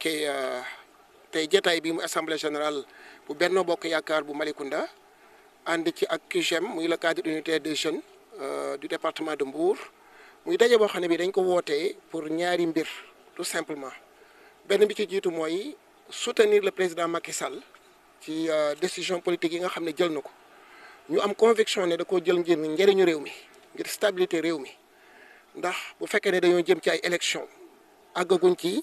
kii euh, tey jataay bi mu assemblée général bu Benno Bokk Yaakaar bu Malicounda ànd ci ak CUGEM muy le cadre unitaire des jeunes euh, du département de Mbour muy daje boo xam ne bi dañ ko wootee pour ñaari mbir tout simplement benn bi ci jiitu mooy soutenir le président Macky Sall ci euh, décision politique yi nga xam ne jël na ko ñu am conviction ne da koo jël ngir njëriñu réew mi ngir stabilité réew mi ndax bu fekkee ne dañoo jëm ci ay élection àggaguñ ci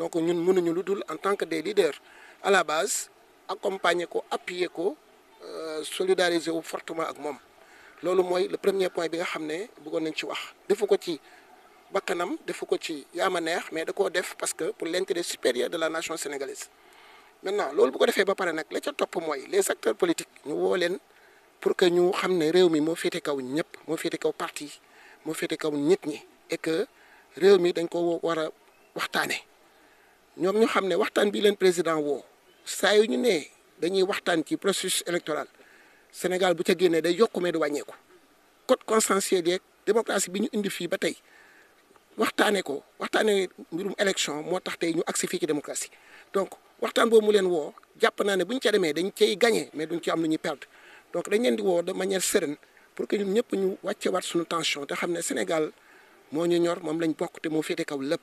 donc ñun mënuñu lu en tant que des leaders à la base accompagner ko appuyer ko euh, solidariser wu fortement ak moom loolu mooy le premier point bi nga xam ne bëggoon nañ ci wax defu ko ci bakkanam defu ko ci yaama neex mais da koo def parce que pour l'intérêt supérieur de la nation sénégalaise maintenant loolu bu ko defee ba pare nag la ca topp mooy les acteurs politiques ñu woo leen pour que ñu xam ne réew mi moo féete kaw ñëpp moo féete kaw parti moo féete kaw nit ñi et que réew mi dañ ko war a waxtaanee ñom ñu xamné ne waxtaan bi leen président wo sayu ñu ne dañuy waxtaan ci processus électoral Sénégal bu ca génné day yokku mais du ko code consensuel yeeg démocratie bi ñu indi fi batay waxtané ko waxtané mbirum élection moo tax ñu agsi fi ci démocratie donc waxtaan bo mu leen wo japp na ne bu ca démé dañ cey gagné mais duñ ci am lu ñuy perdre donc dañ leen di wo de manière sereine pour que ñun ñëpp ñu wat suñu tension té xamné Sénégal mo ñu ñor mom lañ bokk té mo fété kaw lepp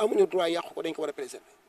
amuñu droit yàqu ko dañ ko war a préserver